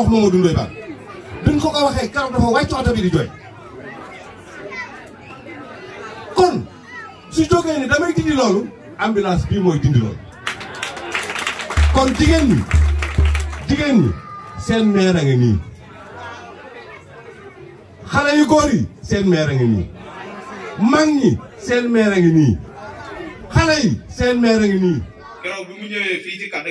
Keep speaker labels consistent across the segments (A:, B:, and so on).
A: wax Mamadou Ndoye Bane bi ñu ko ko waxee keroog dafa wàcc oto bi di jooy kon su jógee ni damay dindi loolu ambulance bii mooy dindi loolu kon jigéen ñi jigéen ñi seen meer a nii xale yu góor
B: yi seen meer a nii mag ñi seen meer a nga nii xale yi seen meer a nga nii keroog bi fii ci kat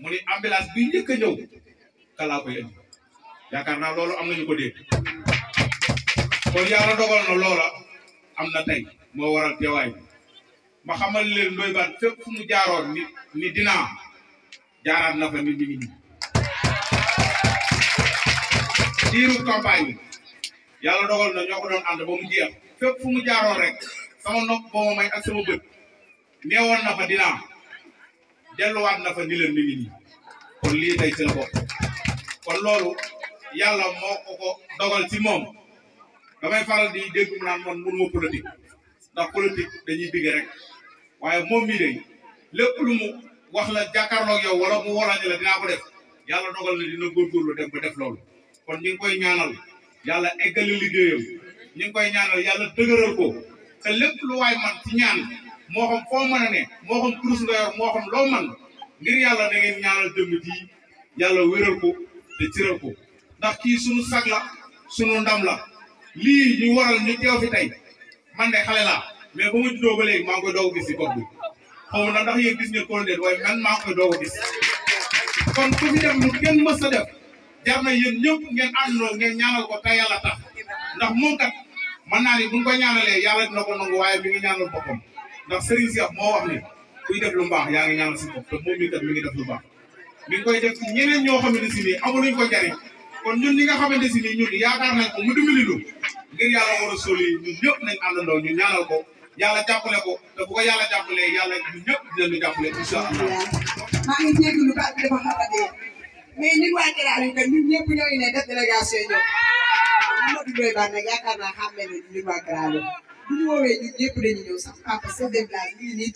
B: mu ni ambulance bi njëkk a ñëw kalaa koy naa loolu am nañu ko dégg kon yàlla dogal na loola am na tey moo waral teewaay ma xamal leen Ndoye Bane fépp fu mu jaaroon ni ni dinaa jaaraat na fa nit ñi ngi diiru campagne bi yàlla dogal na ñoo rek sama nopp ba may ak sama bët neewoon na delluwaat na fa ni leen mi ngi kon lii tey ci la bokk kon loolu yàlla moo ko dogal ci moom damay di dégg mu naan man mënuma politique ndax politique dañuy digg rek waaye moom mii day lépp lu mu wax la jàkkaarloog yow wala mu wolañu la dinaa ko def yàlla dogal na dina góorgóorlu dem ba def loolu kon ñu ngi koy ñaanal yàlla eggali liggéeyam ñu ngi koy ñaanal yàlla dëgëral ko te lépp man ci moo xam foo mën a ne moo xam kurus nga yor moo xam loo man ngir yàlla da ngeen ñaanal jëmm ji yàlla wéral ko te ko ndax kii sunu sag la sunu ndam la lii ñu waral ñu teew fi tey man de xale laa mais ba ma juddoo ba léegi maa ngi koy doog gis si bopp bi xaw na ndax yéen gis ngeen ko déet waaye man maa ngi koy gis kon ku fi def lu kenn mës a def jar ñëpp ngeen àndandoo ngeen ñaanal ko te yàlla tax ndax moom kat mën naa ni buñ ko ñaanalee yàlla dina ko nangu waaye mi ngi ñaanal ndax Serigne Cheikh moo wax ne kuy def lu mbaax yaa ngi ñaanal si bopp te moom mii kat mi ngi def lu baax mi ngi koy def ci ñeneen ñoo xamante si nii amuluñ ko jariñ kon ñun ñi nga xamante si nii ñun yaakaar nañ ko mu dimbali lu ngir yàlla war a sóol yi ñun ñëpp nañ àndandoo ñu ñaanal ko yàlla jàppale ko te bu ko yàlla jàppalee yàlla ñun ñëpp dinañu jàppale incha allah.
C: maa ngi jégalu ba ak dafa xamal de mais ñun waa Kéré kat ñun ñëpp ñoo ngi ne def délégation ñoom Amadou Ndoye Bane nag yaakaar naa xam ne ñun waa Kéré bu ñu woowee ñun ñëpp dañu ñëw sax papa sa dégg laa ñu ngi nii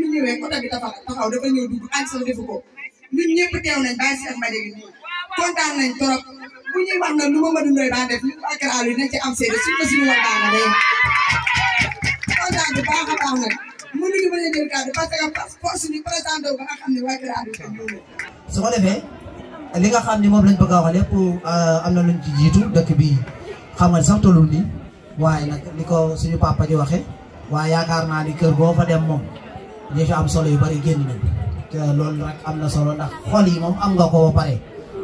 C: ñu ñëwee côté bi dafa taxaw dafa ñëw dugg sax defu ko ñun ñëpp teew nañ bàyyi si ak mbaje gi nii kontaan nañ trop bu ñuy wax na lu ma mën a doy ba def ñun ak raadu nañ ci am seede suñ ko suñu war day kontaan bu baax a baax nag a jël kàddu parce que force ñu présenté ba nga xam ne waa raadu te ñëw
D: su ko defee li xam ne moom lañ bëgg a wax lépp euh, am na luñ ci jiitu dëkk bi xam nga sax tolul nii waaye nag ni ko suñu papa ji waxee waaye yaakaar naa ni kër boo fa dem moom ñi fi am solo yu bari génn nañ te loolu rek am na solo ndax xool yi moom am nga ko ba pare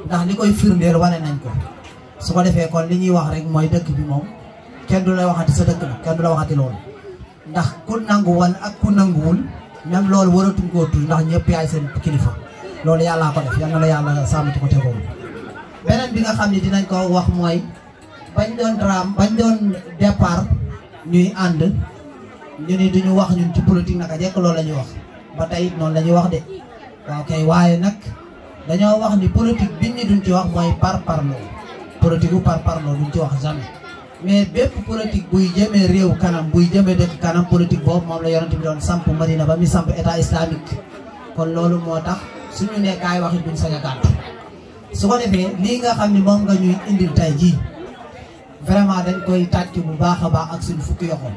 D: ndax li koy firndeel waree nañ ko su ko defee kon li ñuy wax rek mooy dëkk bi moom kenn du la waxati sa dëkk la kenn du la waxati loolu ndax ku nangu wan ak ku nanguwul même loolu waratuñ koo tudd ndax ñëpp yaay seen kilifa loolu yàllaa ko def yal na la yàlla sàmm ci côté mooy bañ doon raam bañ doon ñuy ànd ñu ni duñu wax ñun ci politique naka jekk loolu la ñuy wax ba tey noonu la ñuy wax de waaw kay waaye nag dañoo wax ni politique bi ñu duñ ci wax mooy par parloo politique bu par parloo duñ ci wax jamais mais bépp politique buy jëmee réew kanam buy jëmee dëkk kanam politique boobu moom la yonent bi doon samp Madina ba mi samp état islamique kon loolu moo tax suñu nekkaay waxi duñ sañ a gàtt su ko defee lii nga xam ni moom nga ñuy indil tay jii vraiment dañ koy tàcc bu baax a baax ak suñu fukki yoxo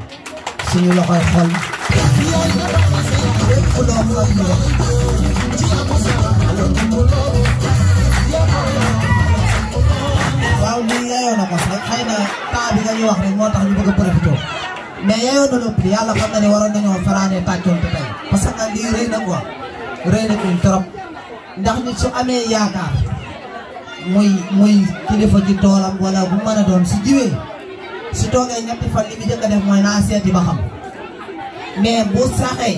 D: suñu loxoy xol waaw lii yaayoon na ko sax na temps bi nga wax rek moo tax ñu bëgg a profité mais yaayoon na lépp yàlla xam na ne waroon nañoo faraanee tàccoon te tey parce que rëy na quoi rëy na trop ndax nit su amee yaakaar muy muy kilifa ci toolam wala bu mën a doon su jiwee su toogee ñetti fan li mu jëkk def mooy naa seeti ba xam mais bu saxee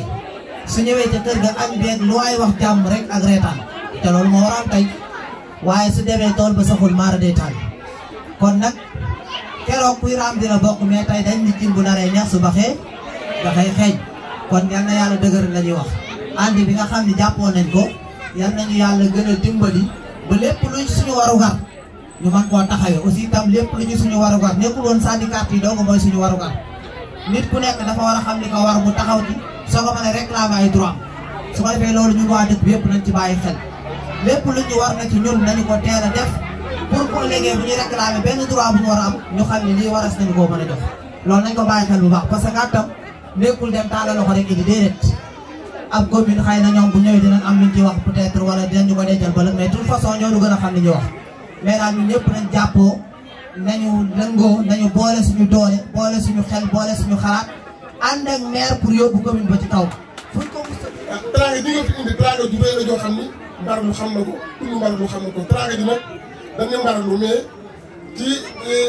D: su ñëwee ca kër ga añ lu waay wax jàmm rek ak reetaan te loolu moo waral tey waaye su demee tool ba saxul maara day taal kon nag keroog kuy raam dina bokk mais tey dañ ni cin bu naree ñax su baxee kon yal na yàlla dëgër la ñuy wax andi bi nga xam ne jàppoon nañ ko yal nañu yàlla gën a ba lépp luñ suñu warugar ñu mën koo taxawee aussi tam lépp lu ñu suñu warugar nekkul woon sànni carte yi dong mooy suñu warugar nit ku nekk dafa war a xam li ko war mu taxaw ci soo ko mën a réclamer ay droit su ko defee loolu ñu waa dëkk bi yëpp nañ ci bàyyi xel lépp lu ñu war na ci ñun nañu ko teel a def pour pour léegi bu ñu réclamer benn droit bu ñu war am ñu xam ne lii war nañu koo mën a loolu nañ ko bàyyi xel bu baax parce que tam nekkul dem taal ab commune xëy na ñoom bu ñëwee dinañ am luñ ci wax peut être wala dinañu ko dencal bala mais de toute façon ñoo du gën a xam li ñu wax mais daal ñun ñëpp nañ jàppoo nañu lëngoo nañu boole suñu doole boole
A: suñu xel boole suñu xalaat ànd ak maire pour yóbbu commune ba ci kaw fuñ ko mos a. ah teraanga ji nga fi indi xam ni mbar lu xam na ko tudd mbar lu xam na ko teraanga ji nag dañu mbar lu mais ci eh,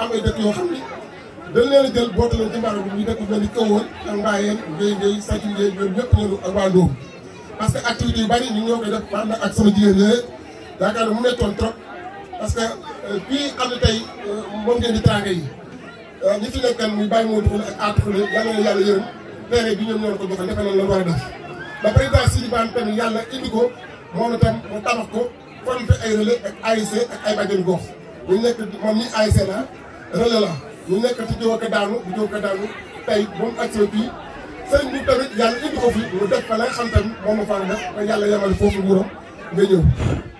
A: am ay dëkk yoo xam ni. dañ leen a jël boote leen ci mbaar bi ñu dëkk mel ak Mbayeen Guèye Guèye Sadio Guèye ñoom parce que activité yu bari ñu ñoo koy def maanaam ak sama jigéen yooyu yaakaar ne mu nekkoon euh, euh, ngeen di euh, moo dugg ak na yàlla yërëm terrain bi ñoom ñoo a def ba moom itam mu tabax ko nekk la ñu nekk ci di ko daanu di ko daanu tey bu mu àggsee fii sëñ bi tamit yàlla indi ko fi mu def fa la xam tamit moom la faa foofu nguuram nga ñëw.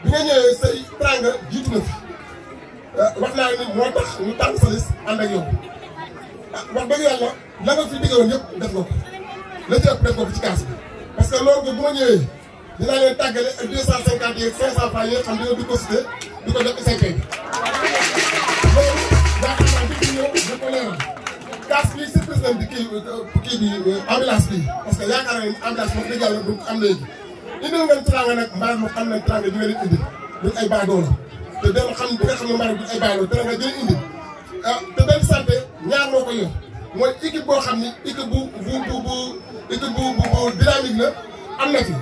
A: bi nga ñëwee say teraanga na fi euh, naa ni moo tax ñu tànn sa liste ànd ak yow ah, wax dëgg yàlla la nga fi diggoon yëpp def nga ko la ci ëpp def nga ko ci kaas bi. parce que loolu nga bu leen tàggale ak deux cent cinquante yeeg cinq cent francs xam ne dañoo di ko cité di ko def ci yow ñu ko leeral kaas bi surprise lañ di kii euh, kii bi euh, ambulance bi parce que yaakaar nañ ambulance moom dëgg yàlla du am léegi indil ngeen teraanga nag di nga leen indi duñ la te dem xam ah, ñaar moo ko yor mooy équipe boo xam ni équipe bu bu bu bu équipe am na fi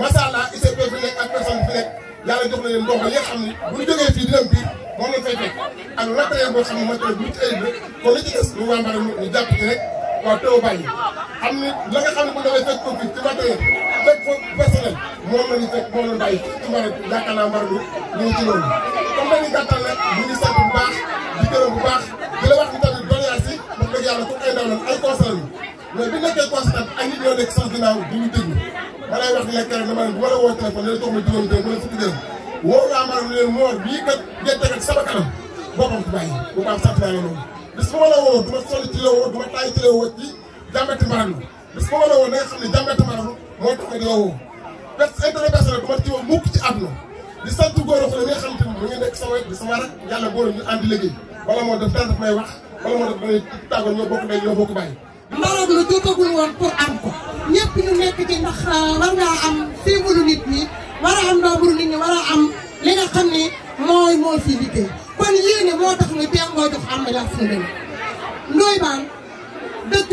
A: macha allah ICP nekk ak personne fi nekk yàlla jox na leen la nga xam ni bu ñu jógee fii dina am biir. moom lañ fay fekk ak matériel boo xam ne matériel bu mucc ayib la kon li ci des ñu wàmbale ñu jàpp ci rek waa teewu bàyyi am ni la nga xam ne bu dafay fekk ko fii ci matériel fekk foofu personnel moom la ñu fekk moom la ñu bàyyi ci mbar yaakaar naa mbar mi ñu ngi ci loolu comme dañu gàttal nag ñu ngi sant bu baax di gërëm bu baax di la wax ni tamit doléance yi wax dëgg yàlla ku ay ndaw la ay conseil yi mais bi nekkee constat ay nit ñoo nekk sans ginnaaw di ñu déglu ma lay wax ni la keroog dama ne bu ma la woo téléphone la jox ma juróom-juróom ma la fukki dërëm wóor naa ma ne leen moor bii kat ngeen tegal sama kanam boppam ko bàyyi bu baax sant naa leen bis bu ma la woo du ma soli ci la woo du la woo ci jàmbati maram bis bu ma nga xam ne jàmbati ma di la ci woo mukk ci àdduna di góor a fa nga xam te mu ngi nekk sama wet di sama rak yàlla góoram ñu àndi liggéey wala moo def dara daf may wax wala moo def danay tàggoon ñoo bokk day ñoo bokk bàyyi mbaram lu jotagul woon pour am ko
C: ñëpp ñu nekk ci ndax ah, war ngaa am féebalu nit ñi war a am ndomburu nit ñi war a am li nga xam ne mooy moo fi liggéey kon yéene moo tax nga dem Ndoye Bane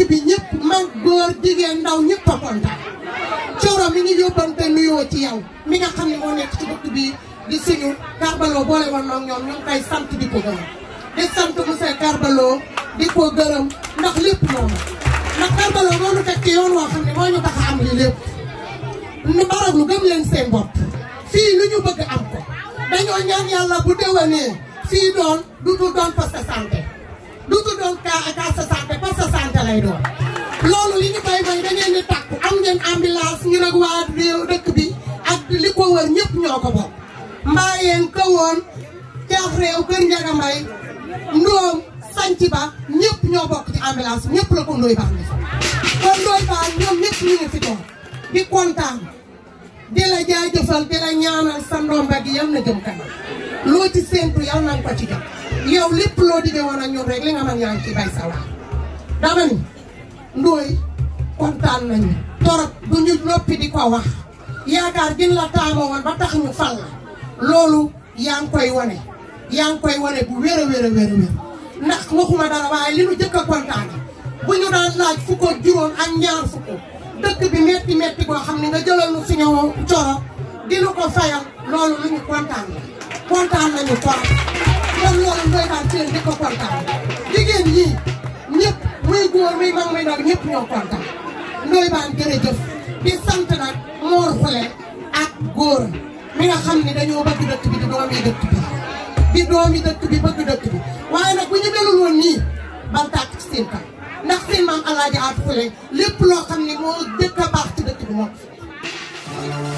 C: bi ñëpp mag góor jigéen ndaw ñëpp a kontaan mi ngi yóbbante nuyoo ci yaw mi nga xam ne moo nekk ci dëkk bi di suñu Karbalo boole woon ak ñoom ñu ngi sant di ko gërëm di sant monsieur Karbalo di ko gërëm ndax lépp moom ndax Karbalo moo ñu fekk yoon woo xam ne moo ñu tax a am li lépp. lu barab lu gëm leen seen bopp fii lu ñu bëgg am ko dañoo ñaan yàlla bu déwénee fii doon dutul doon poste santé dutul doon cas case santé poste santé lay doon loolu li ñu koy may da di tàkku am ngeen ambulance ñu nag waa réew dëkk bi ak li ko wër ñëpp ñoo ko bokk mbaayeen ka woon réew kër njaga mbay ndoom sanc ba ñëpp ñoo bokk ci ambulance ñëpp la ko ndooy baax ni ñoom ñëpp ñu ngi fi di kontaan di la jaajëfal di la ñaanal sa ndomba gi yal na jëm kanam loo ci séentu yal na ko ci jot yow lépp loo dige woon ak ñun rek li nga mën yaa ngi ci bay sa waar dama ni ndooy kontaan nañu torop du ñu noppi di ko wax yaakaar gin la taamoo woon ba tax ñu fal la loolu yaa ngi koy wane yaa ngi koy wane bu wér a wér a wér a wér ndax waxuma dara waaye li nu jëkk a kontaane bu ñu daan laaj fukk ak juróom ak ñaar fukk dëkk bi metti metti boo xam ne nga jëlal nu suñu coro dina ko fayal loolu lu kontaan la kontaan nañu trop kon loolu Ndoye Bane Sène di ko kontaan jigéen ñi ñëpp muy góor muy mag muy di sant nag Mor Xule ak góor mi nga xam ne dañoo bëgg dëkk bi di doomi dëkk bi di doomi dëkk bi bëgg dëkk bi waaye nag bu ñu melul woon nii bal tàkk ndax seen maam Alaaji Aatu Fule lépp loo xam ne moo dëkk a baax ci dëkk moom